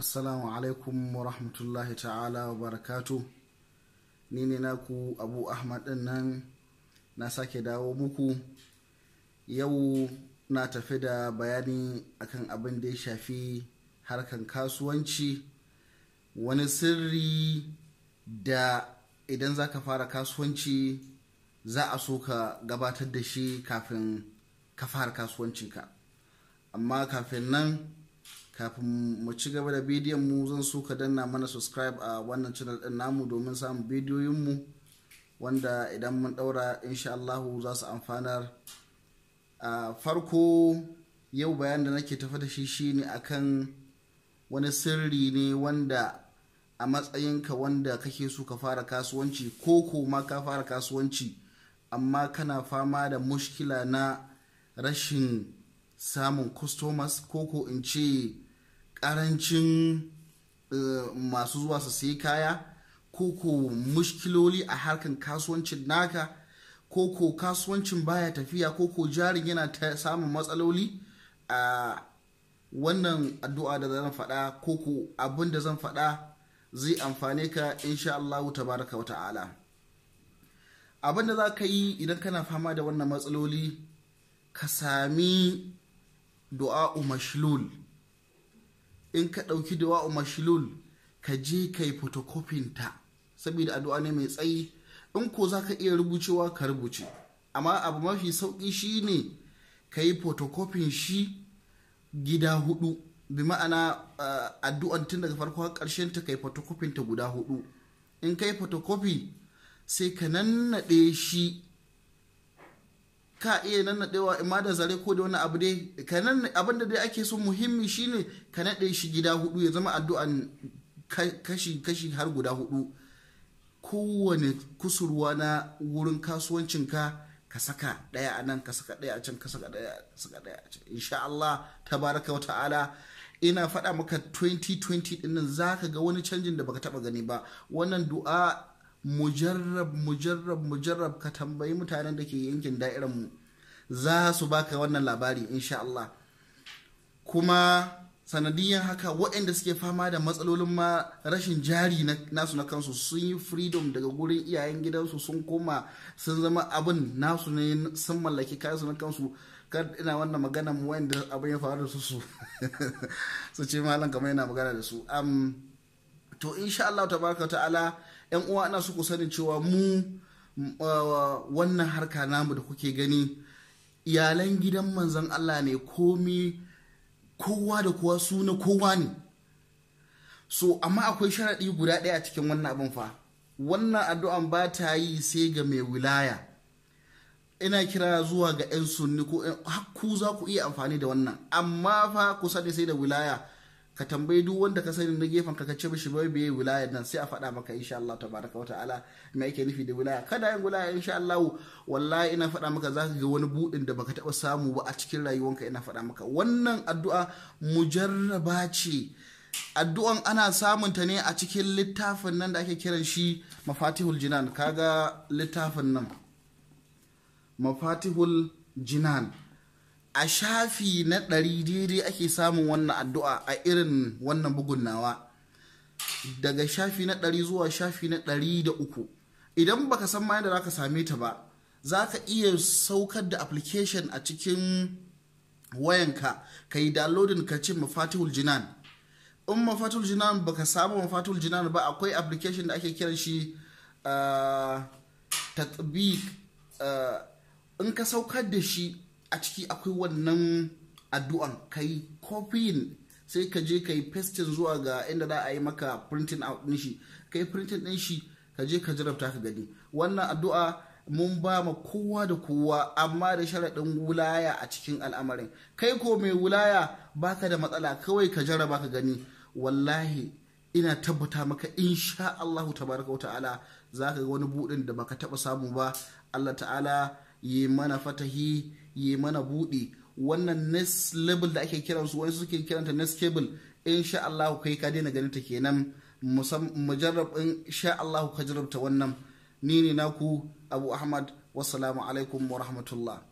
assalamu alaikum wa rahmatullahi ta'ala wa barakatu ni ne naku abu ahmad din nan na sake dawo muku yau na tafi da bayani akan abin da ya shafi harkan kasuwanci wani sirri da idan za ka fara kasuwanci za a so ka gabatar da shi kafin ka fara kasuwancinka amma kafin nan kafin mu ci gaba da bidiyon mu zan so ka danna mana subscribe a wannan channel din namu domin samun bidiyoyin mu wanda idan mun daura insha Allah za su amfanar a farko yau bayan da nake tafa da shi shine akan wani sirri ne wanda a matsayinka wanda kake so ka fara kasuwanci ko kuma ka fara kasuwanci amma kana fama da mushkila na rashin samun customers ko ko in ce ƙarancin eh, masu zuwa su sayi kaya ko ko mushkiloli a harkan kasuwancin naka ko ko kasuwancin baya tafiya ko ko jarin yana ta samun matsaloli a wannan addu'a da zan faɗa ko ko abin da zan faɗa zai amfane ka insha Allah tabaraka wa ta'ala abin da za ka yi idan kana fama da wannan matsaloli ka sami du'a'u mashlul in ka ɗauki da wa'u mashilul ka je ka yi photocopying ta saboda addu'a ne mai tsayi in ko za ka iya rubucewa ka rubuce amma abu mafi sauƙi ne, ka yi photocopying shi gida hudu bi ma'ana eh, addu'an tun daga farko har ƙarshen ta kai photocopying ta guda hudu in ka yi photocopy sai ka nannaɗe shi ka iya nannadewa ma da zare ko da wani abu dai abin da dai ake so muhimmi shine ka nade shi gida hudu ya zama addu'an kashi kashi har guda hudu kowane kusurwa na wurin kasuwancin ka saka daya a nan ka saka daya a can ka saka daya saka daya a can insha Allah tabaraka wa ta'ala ina faɗa maka 2020 dinnan zaka ga wani canjin da baka taba gani ba wannan du'a mujarrab mujarrab mujarrab ka tambayi mutanen da ke yankin da'iranmu mu za su baka wannan labari insha Allah kuma sanadiyan haka waɗanda suke fama da matsalolin ma rashin jari nasu na kansu sun yi freedom daga gurin iyayen gidansu sun koma sun zama abin nasu ne sun mallaki kayansu na kansu kan ina wannan magana mu wanda abin ya faru da su su su ce malam kamar yana magana da su to insha Allah tabaraka ta'ala yan uwa ana su ku sani cewa mu uh, wannan harka namu da kuke gani iyalan gidan manzon Allah ne komi kowa da kowa su na kowa ne so amma akwai sharaɗi guda ɗaya a cikin wannan abin fa wannan addu'an ba ta yi sai ga mai wilaya ina kira zuwa ga 'yan sunni ko eh, ku za ku iya amfani da wannan amma fa ku sani sai da wilaya ka tambayi duk wanda ka sani na gefen ka ce mishi bai bai wilaya nan sai a faɗa maka insha Allah tabaraka wa ta'ala me yake nufi da wilaya kada yin wilaya insha Allah wallahi ina faɗa maka Za ka ga wani budin da baka taɓa samu ba a cikin rayuwanka ina faɗa maka wannan addu'a mujarraba ce addu'an ana samun ta ne a cikin littafin nan da ake kiran shi mafatihul jinan kaga littafin nan mafatihul jinan a shafi na ɗari daidai ake samun wannan addu'a a irin wannan bugun nawa daga shafi na ɗari zuwa shafi na ɗari da uku idan baka san ma yadda zaka same ta ba za ka iya saukar da application a cikin wayanka ka yi downloading ka ce mafatul jinan in mafatul jinan baka samu mafatul jinan ba akwai application da ake kiran shi ah, tatbiq ah, in ka saukar da shi a ciki akwai wannan addu'an kai kofiyin sai ka je ka yi pasting zuwa ga inda za a yi maka printing out din shi ka yi printing din shi ka je ka jarabta ka gani wannan addu'a mun ba ma kowa da kowa amma da sharaɗin wulaya a cikin al'amarin kai ko mai wulaya baka da matsala kawai ka jaraba ka gani wallahi ina tabbata maka insha Allah tabaraka ta'ala zaka ga wani budin da baka taɓa samu ba Allah ta'ala yi mana fatahi yi mana buɗe wannan next level da ake kiran su wani suke kiranta next cable sha Allah kai ka daina ganin ta kenan mujarrab in sha Allah ka jarabta wannan ni ne naku Abu Ahmad wassalamu alaikum wa rahmatullah